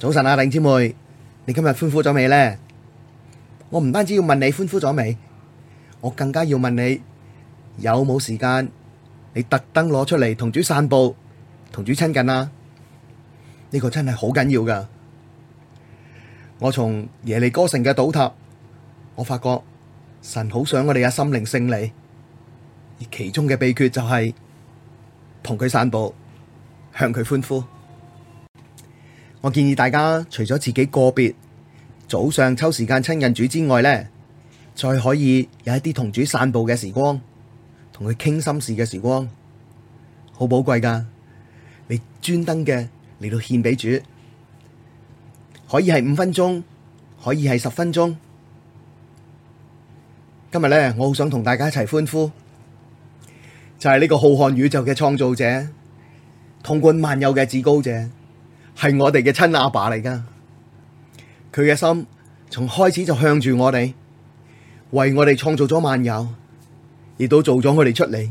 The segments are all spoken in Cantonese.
早晨啊，靈姐妹，你今日歡呼咗未呢？我唔單止要問你歡呼咗未，我更加要問你有冇時間，你特登攞出嚟同主散步、同主親近啦？呢個真係好緊要噶。我從耶利哥城嘅倒塌，我發覺神好想我哋嘅心靈勝利，而其中嘅秘訣就係同佢散步，向佢歡呼。我建議大家除咗自己個別早上抽時間親近主之外咧，再可以有一啲同主散步嘅時光，同佢傾心事嘅時光，好寶貴噶。你專登嘅嚟到獻俾主，可以係五分鐘，可以係十分鐘。今日咧，我好想同大家一齊歡呼，就係、是、呢個浩瀚宇宙嘅創造者，統管萬有嘅至高者。係我哋嘅親阿爸嚟噶，佢嘅心從開始就向住我哋，為我哋創造咗萬有，亦都做咗我哋出嚟。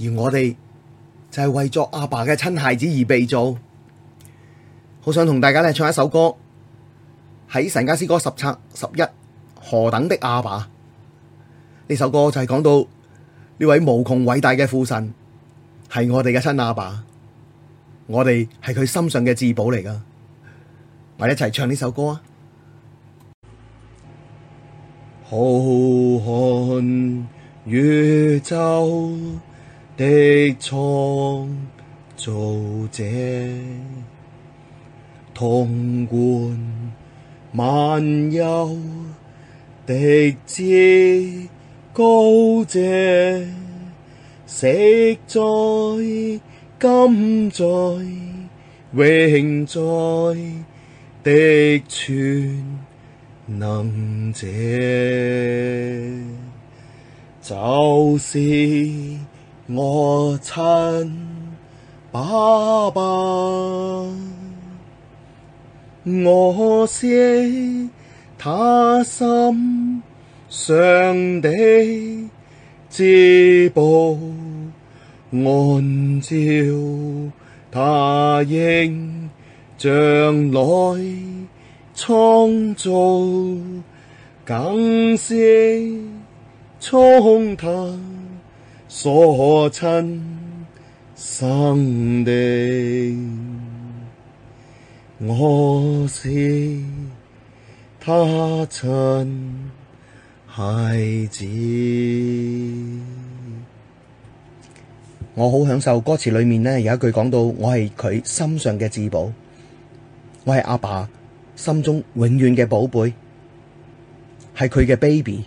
而我哋就係為咗阿爸嘅親孩子而被造。好想同大家咧唱一首歌，喺神家詩歌十冊十一何等的阿爸，呢首歌就係講到呢位無窮偉大嘅父神係我哋嘅親阿爸。我哋係佢心上嘅至寶嚟噶，我哋一齊唱呢首歌啊！浩瀚宇宙的創造者，統管萬有的至高者，昔在。今在永在的全能者，就是我親爸爸。我是他心上的至寶。按照他形像來創造，更是從他所親生的，我是他親孩子。我好享受歌詞裏面咧有一句講到我係佢心上嘅至寶，我係阿爸，爸心中永遠嘅寶貝，係佢嘅 baby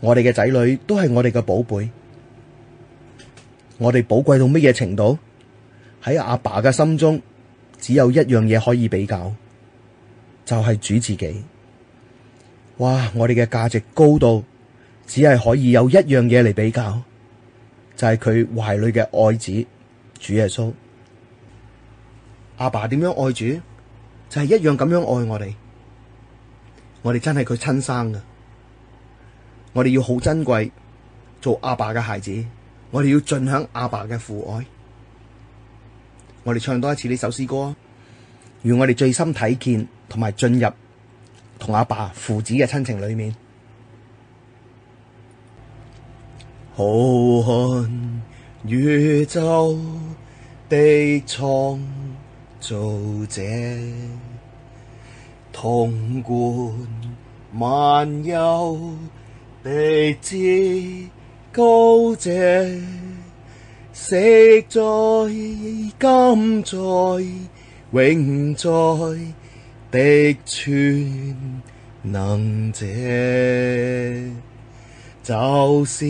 我我。我哋嘅仔女都係我哋嘅寶貝，我哋寶貴到乜嘢程度？喺阿爸嘅心中只有一樣嘢可以比較，就係、是、主自己。哇！我哋嘅價值高度只係可以有一樣嘢嚟比較就係佢懷裏嘅愛子主耶穌，阿爸點樣愛主？就係一樣咁樣愛我哋，我哋真係佢親生噶，我哋要好珍貴做阿爸嘅孩子，我哋要盡享阿爸嘅父愛，我哋唱多一次呢首詩歌，讓我哋最深睇見同埋進入同阿爸父子嘅親情裏面。浩瀚宇宙的創造者，統管萬有的至高者，昔在今在永在的全能者。就是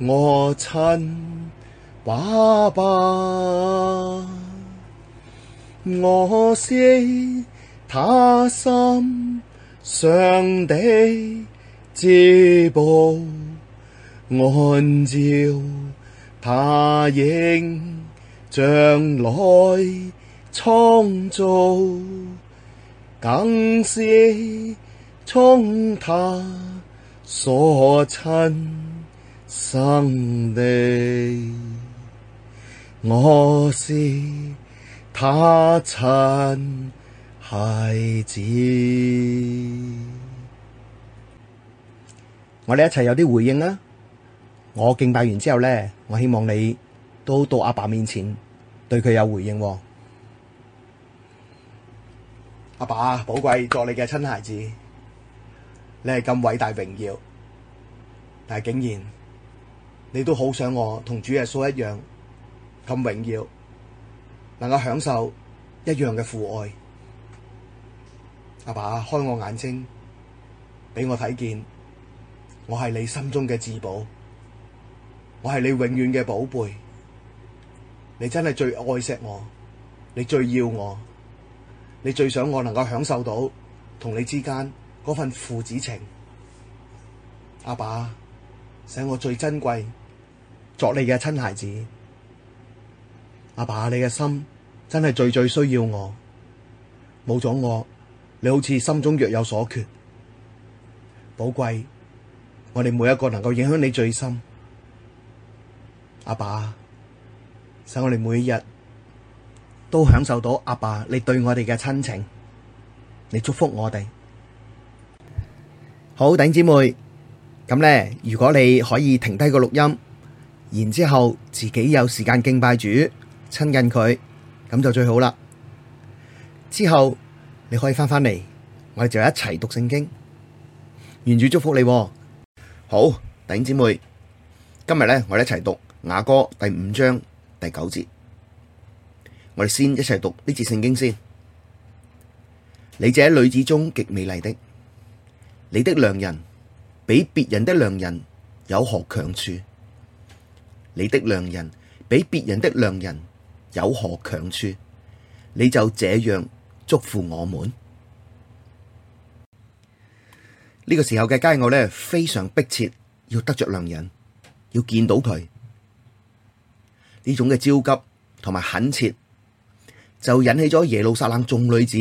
我親爸爸，我是他心上的至寶，按照他形像來創造，更是從他，所親生的，我是他親孩子。我哋一齊有啲回應啦。我敬拜完之後呢，我希望你都到阿爸面前，對佢有回應。阿爸，寶貴做你嘅親孩子。你係咁偉大榮耀，但係竟然你都好想我同主耶穌一樣咁榮耀能夠享受一樣嘅父愛。阿爸啊，開我眼睛，俾我睇見，我係你心中嘅至寶，我係你永遠嘅寶貝。你真係最愛錫我，你最要我，你最想我能夠享受到同你之間。嗰份父子情，阿爸，使我最珍貴，作你嘅親孩子。阿爸，你嘅心真係最最需要我，冇咗我，你好似心中若有所缺。寶貴，我哋每一個能夠影響你最深，阿爸，使我哋每一日都享受到阿爸你對我哋嘅親情，你祝福我哋。好，弟兄姊妹，咁呢，如果你可以停低個錄音，然之後自己有時間敬拜主、親近佢，咁就最好啦。之後你可以翻翻嚟，我哋就一齊讀聖經。願主祝福你。好，弟兄姊妹，今日呢，我哋一齊讀雅歌第五章第九節。我哋先一齊讀呢節聖經先。你這女子中極美麗的。你的良人比別人的良人有何強處？你的良人比別人的良人有何強處？你就這樣囑咐我們？呢個時候嘅佳偶呢，非常迫切要得着良人，要見到佢呢種嘅焦急同埋懇切，就引起咗耶路撒冷眾女子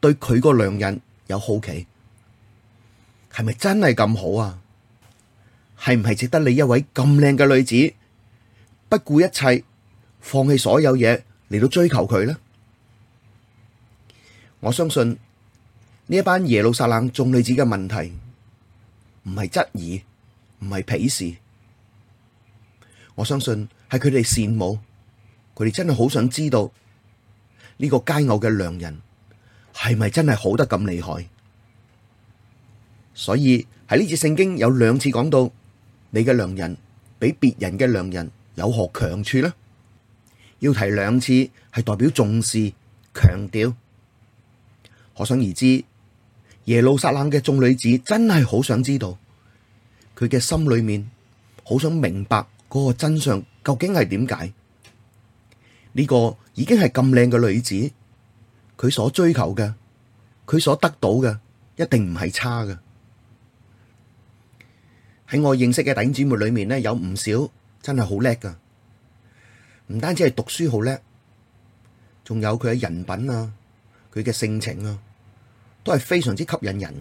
對佢個良人有好奇。係咪真係咁好啊？係唔係值得你一位咁靚嘅女子不顧一切放棄所有嘢，嚟到追求佢呢？我相信呢一班耶路撒冷眾女子嘅問題唔係質疑，唔係鄙視，我相信係佢哋羨慕，佢哋真係好想知道呢、這個佳偶嘅良人係咪真係好得咁厲害？所以喺呢次聖經有兩次講到你嘅良人比別人嘅良人有何強處呢？要提兩次係代表重視強調。可想而知，耶路撒冷嘅眾女子真係好想知道佢嘅心裏面，好想明白嗰個真相究竟係點解？呢個已經係咁靚嘅女子，佢所追求嘅，佢所得到嘅一定唔係差嘅。喺我認識嘅頂姊妹裏面咧，有唔少真係好叻噶唔單止係讀書好叻，仲有佢嘅人品啊，佢嘅性情啊，都係非常之吸引人。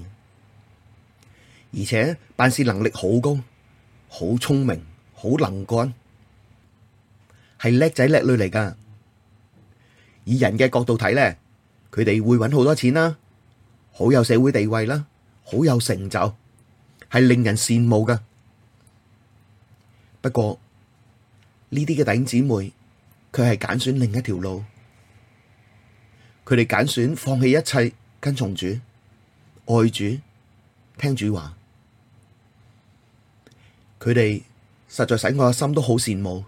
而且辦事能力好高，好聰明，好能幹，係叻仔叻女嚟噶。以人嘅角度睇咧，佢哋會搵好多錢啦，好有社會地位啦，好有成就。係令人羨慕嘅，不過呢啲嘅弟兄姊妹，佢係揀選另一條路，佢哋揀選放棄一切跟從主、愛主、聽主話，佢哋實在使我心都好羨慕。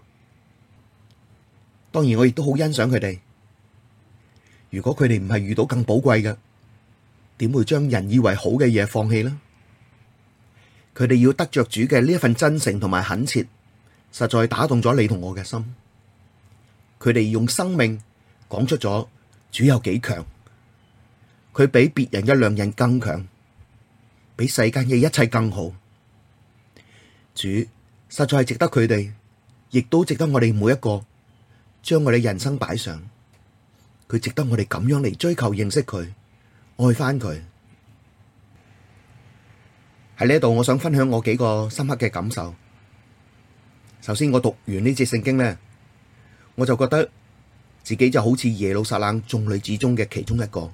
當然，我亦都好欣賞佢哋。如果佢哋唔係遇到更寶貴嘅，點會將人以為好嘅嘢放棄呢？佢哋要得着主嘅呢一份真誠同埋懇切，實在打動咗你同我嘅心。佢哋用生命講出咗主有幾強，佢比別人嘅良人更強，比世間嘅一切更好。主實在係值得佢哋，亦都值得我哋每一個將我哋人生擺上。佢值得我哋咁樣嚟追求認識佢，愛返佢。喺呢一度，我想分享我幾個深刻嘅感受。首先，我讀完呢節聖經咧，我就覺得自己就好似耶路撒冷眾女子中嘅其中一個。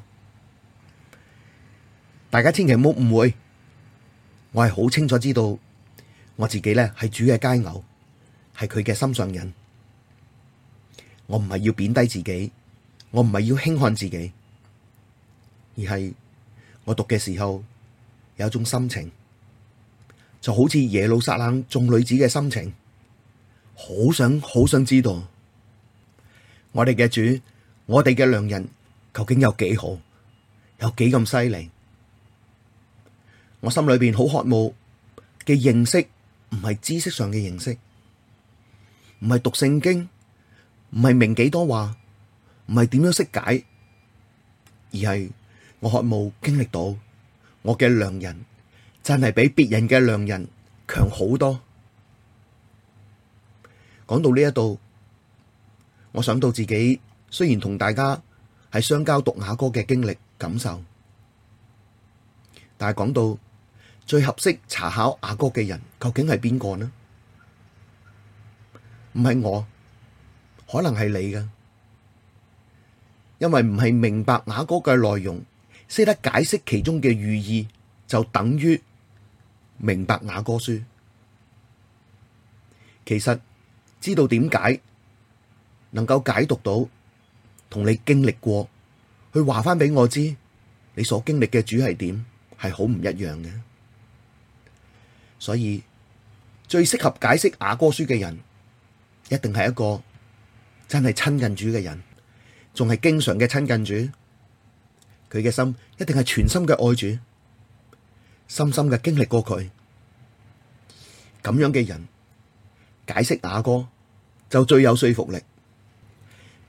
大家千祈唔好誤會，我係好清楚知道我自己咧係主嘅佳偶，係佢嘅心上人。我唔係要貶低自己，我唔係要輕看自己，而係我讀嘅時候有種心情。就好似耶路撒冷眾女子嘅心情，好想好想知道我哋嘅主，我哋嘅良人究竟有幾好，有幾咁犀利？我心裏邊好渴慕嘅認識，唔係知識上嘅認識，唔係讀聖經，唔係明幾多話，唔係點樣識解，而係我渴慕經歷到我嘅良人，真係比別人嘅良人強好多。講到呢一度，我想到自己雖然同大家係相交讀雅歌嘅經歷感受，但係講到最合適查考雅歌嘅人，究竟係邊個呢？唔係我，可能係你㗎，因為唔係明白雅歌嘅內容，識得解釋其中嘅寓意，就等於。明白雅歌書，其實知道點解能夠解讀到同你經歷過，佢話翻俾我知你所經歷嘅主係點，係好唔一樣嘅。所以最適合解釋雅歌書嘅人，一定係一個真係親近主嘅人，仲係經常嘅親近主，佢嘅心一定係全心嘅愛主。深深嘅經歷過佢，咁樣嘅人解釋雅歌就最有說服力，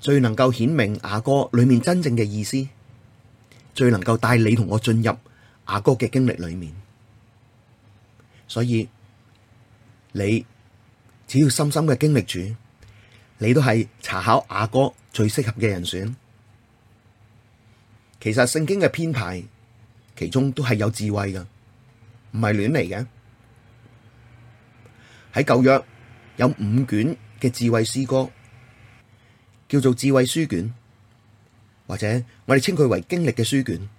最能夠顯明雅歌裏面真正嘅意思，最能夠帶你同我進入雅歌嘅經歷裏面。所以你只要深深嘅經歷住，你都係查考雅歌最適合嘅人選。其實聖經嘅編排，其中都係有智慧㗎。唔係亂嚟嘅，喺舊約有五卷嘅智慧詩歌，叫做智慧書卷，或者我哋稱佢為經歷嘅書卷，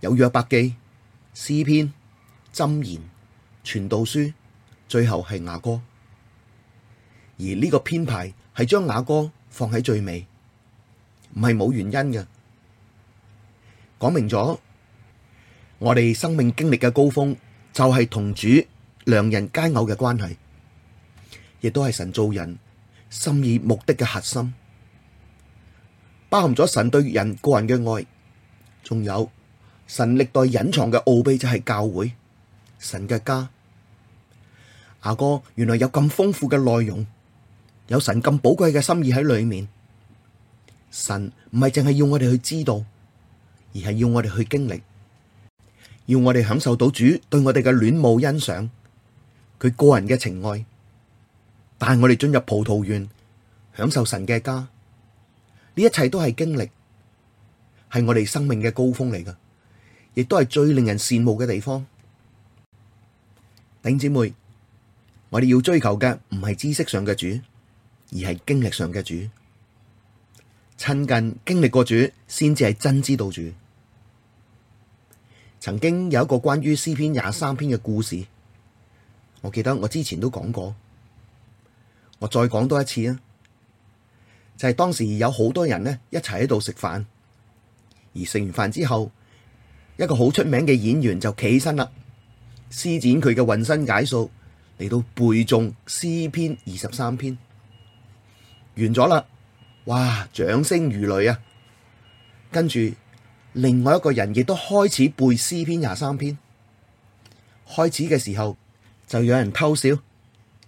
有約伯記、詩篇、箴言、傳道書，最後係雅歌。而呢個編排係將雅歌放喺最尾，唔係冇原因嘅，講明咗。我哋生命經歷嘅高峰就係、是，同主良人佳偶嘅關係，亦都係神造人心意目的嘅核心，包含咗神對人個人嘅愛，仲有神歷代隱藏嘅奧秘就係、是，教會神嘅家。雅歌原來有咁豐富嘅內容，有神咁寶貴嘅心意喺裏面。神唔係淨係要我哋去知道，而係要我哋去經歷。要我哋享受到主對我哋嘅戀慕欣賞，佢個人嘅情愛，帶我哋進入葡萄園，享受神嘅家，呢一切都係經歷，係我哋生命嘅高峰嚟噶，亦都係最令人羨慕嘅地方。弟姐妹，我哋要追求嘅唔係知識上嘅主，而係經歷上嘅主。親近經歷過主，先至係真知道主。曾經有一個關於詩篇廿三篇嘅故事，我記得我之前都講過，我再講多一次啊！就係、是、當時有好多人咧一齊喺度食飯，而食完飯之後，一個好出名嘅演員就企起身啦，施展佢嘅渾身解數嚟到背誦詩篇二十三篇，完咗啦！哇，掌聲如雷啊！跟住。另外一個人亦都開始背詩篇廿三篇，開始嘅時候就有人偷笑，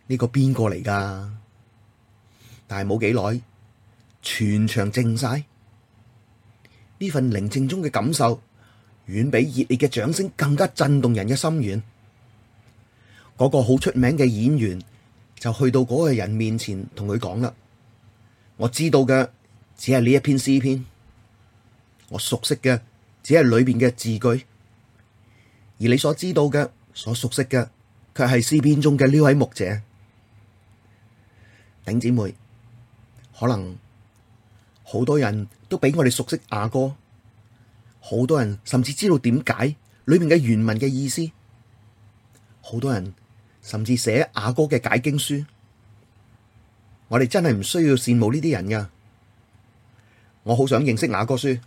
呢個邊個嚟㗎？但係冇幾耐，全場靜晒。呢份寧靜中嘅感受，遠比熱烈嘅掌聲更加震動人嘅心願。嗰個好出名嘅演員就去到嗰個人面前同佢講啦：我知道嘅只係呢一篇詩篇。我熟悉嘅只係裏邊嘅字句，而你所知道嘅，所熟悉嘅，卻係詩篇中嘅呢位牧者。頂姐妹，可能好多人都比我哋熟悉雅歌，好多人甚至知道點解裏面嘅原文嘅意思，好多人甚至寫雅歌嘅解經書。我哋真係唔需要羨慕呢啲人噶，我好想認識雅歌書。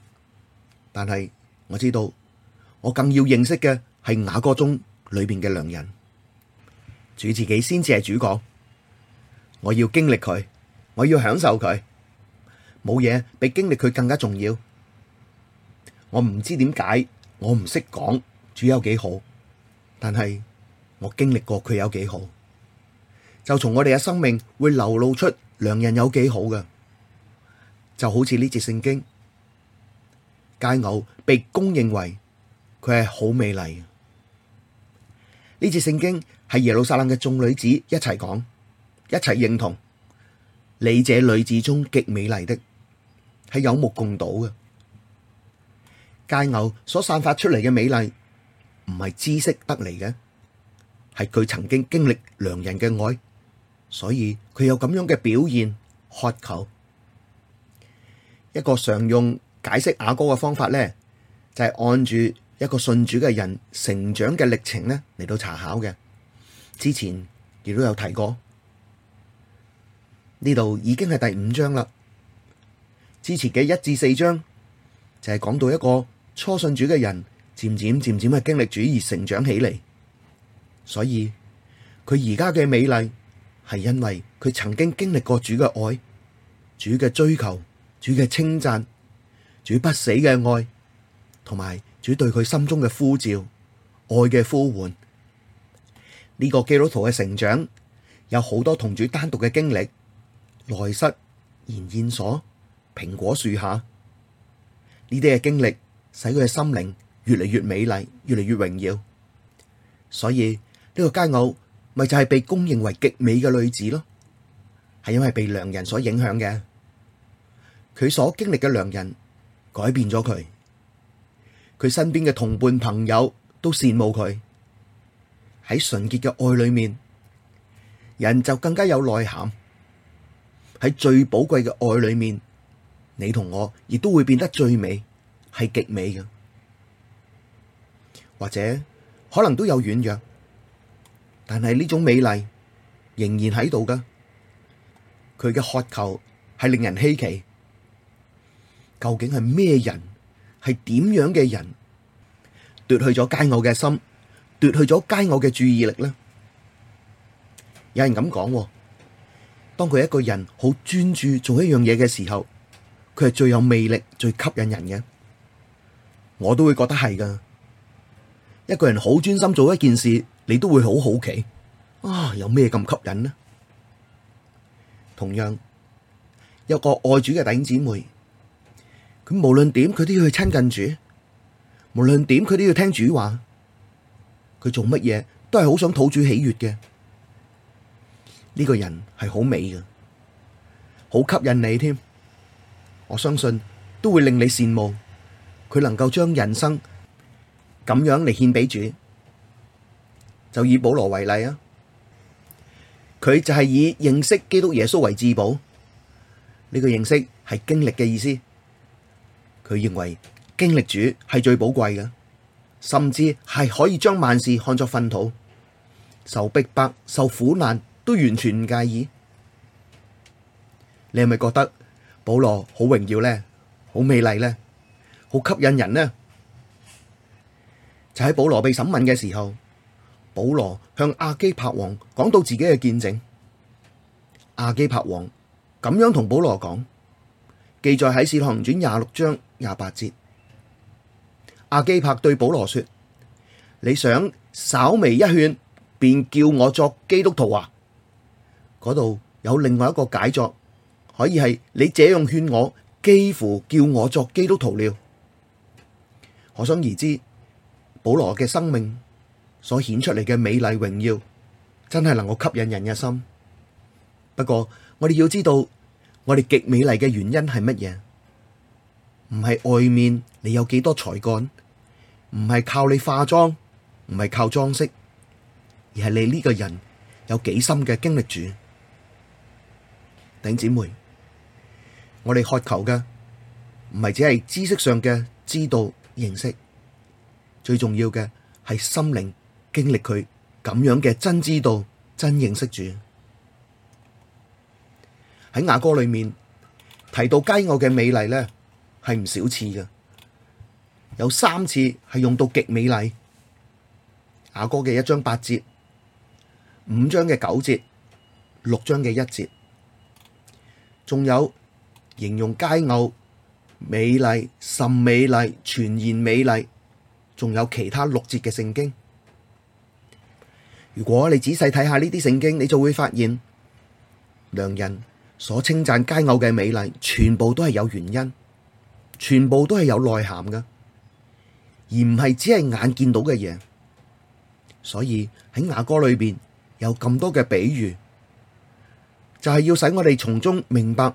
但係我知道，我更要認識嘅係雅歌中裏邊嘅良人，主自己先至係主角。我要經歷佢，我要享受佢，冇嘢比經歷佢更加重要。我唔知點解，我唔識講主有幾好，但係我經歷過佢有幾好，就從我哋嘅生命會流露出良人有幾好嘅，就好似呢節聖經。佳偶被公認為佢係好美麗。呢節聖經係耶路撒冷嘅眾女子一齊講，一齊認同你這女子中極美麗的係有目共睹嘅。佳偶所散發出嚟嘅美麗唔係知識得嚟嘅，係佢曾經經歷良人嘅愛，所以佢有咁樣嘅表現，渴求一個常用。解釋雅歌嘅方法呢，就係、是、按住一個信主嘅人成長嘅歷程呢嚟到查考嘅。之前亦都有提過，呢度已經係第五章啦。之前嘅一至四章就係、是、講到一個初信主嘅人，漸漸漸漸嘅經歷主而成長起嚟。所以佢而家嘅美麗係因為佢曾經經歷過主嘅愛、主嘅追求、主嘅稱讚。主不死嘅愛，同埋主對佢心中嘅呼召、愛嘅呼喚，呢個基督徒嘅成長有好多同主單獨嘅經歷，內室、筵宴所、蘋果樹下呢啲嘅經歷，使佢嘅心靈越嚟越美麗，越嚟越榮耀。所以呢個佳偶咪就係被公認為極美嘅女子咯，係因為被良人所影響嘅，佢所經歷嘅良人改變咗佢，佢身邊嘅同伴朋友都羨慕佢。喺純潔嘅愛裏面，人就更加有內涵。喺最寶貴嘅愛裏面，你同我亦都會變得最美，係極美嘅。或者可能都有軟弱，但係呢種美麗仍然喺度㗎。佢嘅渴求係令人稀奇。究竟係咩人？係點樣嘅人奪去咗佳偶嘅心，奪去咗佳偶嘅注意力呢？有人咁講，當佢一個人好專注做一樣嘢嘅時候，佢係最有魅力、最吸引人嘅。我都會覺得係噶，一個人好專心做一件事，你都會好好奇啊，有咩咁吸引呢？同樣，有個愛主嘅弟兄姊妹。佢無論點，佢都要去親近主；無論點，佢都要聽主話。佢做乜嘢都係好想討主喜悦嘅。呢個人係好美嘅，好吸引你添。我相信都會令你羨慕佢能夠將人生咁樣嚟獻俾主。就以保羅為例啊，佢就係以認識基督耶穌為至寶。呢個認識係經歷嘅意思。佢認為經歷主係最寶貴嘅，甚至係可以將萬事看作糞土，受逼迫、受苦難都完全唔介意。你係咪覺得保羅好榮耀呢？好美麗呢？好吸引人呢？就喺保羅被審問嘅時候，保羅向亞基帕王講到自己嘅見證。亞基帕王咁樣同保羅講，記載喺《使徒行傳》廿六章。廿八節，亞基帕對保羅說：你想稍微一勸，便叫我作基督徒啊？嗰度有另外一個解作，可以係你這樣勸我，幾乎叫我作基督徒了。可想而知，保羅嘅生命所顯出嚟嘅美麗榮耀，真係能夠吸引人嘅心。不過，我哋要知道，我哋極美麗嘅原因係乜嘢？唔係外面你有幾多才幹，唔係靠你化妝，唔係靠裝飾，而係你呢個人有幾深嘅經歷住。弟兄姊妹，我哋渴求嘅唔係只係知識上嘅知道認識，最重要嘅係心靈經歷佢咁樣嘅真知道真認識住。喺雅歌裏面提到佳偶嘅美麗呢。係唔少次嘅，有三次係用到極美麗，雅歌嘅一章八節，五章嘅九節，六章嘅一節，仲有形容佳偶美麗甚美麗全然美麗，仲有其他六節嘅聖經。如果你仔細睇下呢啲聖經，你就會發現，良人所稱讚佳偶嘅美麗，全部都係有原因。全部都係有內涵噶，而唔係只係眼見到嘅嘢。所以喺雅歌裏邊有咁多嘅比喻，就係、是、要使我哋從中明白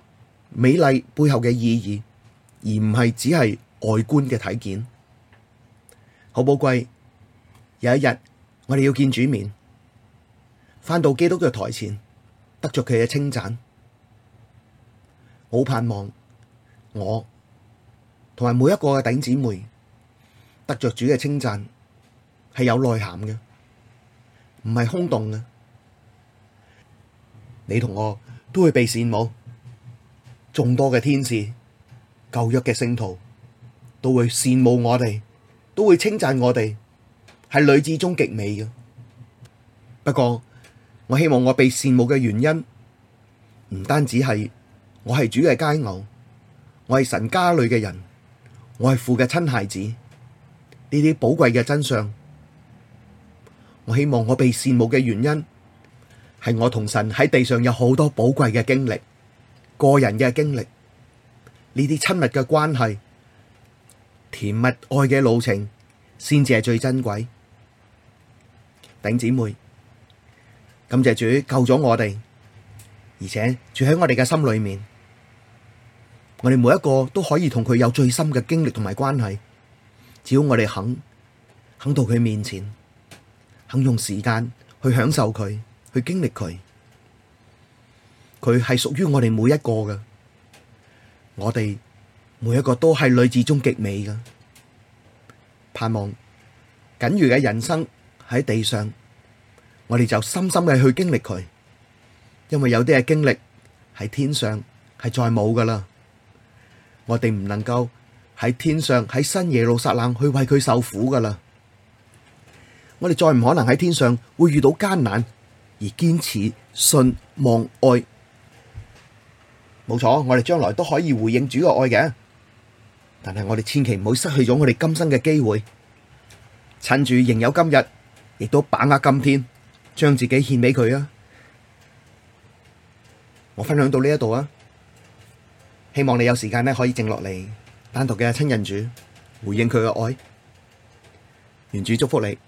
美麗背後嘅意義，而唔係只係外觀嘅睇見。好寶貴，有一日我哋要見主面，翻到基督嘅台前，得着佢嘅稱讚，好盼望我同埋每一個嘅頂姊妹得着主嘅稱讚，係有內涵嘅，唔係空洞嘅。你同我都會被羨慕，眾多嘅天使、舊約嘅聖徒都會羨慕我哋，都會稱讚我哋，係女子中極美嘅。不過我希望我被羨慕嘅原因，唔單止係我係主嘅佳偶，我係神家裏嘅人。我係父嘅親孩子，呢啲寶貴嘅真相。我希望我被羨慕嘅原因係我同神喺地上有好多寶貴嘅經歷，個人嘅經歷，呢啲親密嘅關係，甜蜜愛嘅路程，先至係最珍貴。頂姊妹，感謝主救咗我哋，而且住喺我哋嘅心裏面。我哋每一個都可以同佢有最深嘅經歷同埋關係，只要我哋肯肯到佢面前，肯用時間去享受佢，去經歷佢，佢係屬於我哋每一個嘅。我哋每一個都係女子中極美嘅，盼望僅餘嘅人生喺地上，我哋就深深嘅去經歷佢，因為有啲嘅經歷喺天上係再冇㗎喇。我哋唔能夠喺天上喺新耶路撒冷去為佢受苦噶啦，我哋再唔可能喺天上會遇到艱難而堅持信望愛。冇錯，我哋將來都可以回應主嘅愛嘅，但係我哋千祈唔好失去咗我哋今生嘅機會，趁住仍有今日，亦都把握今天，將自己獻俾佢啊！我分享到呢一度啊！希望你有時間可以靜落嚟，單獨嘅親近主，回應佢嘅愛，願主祝福你。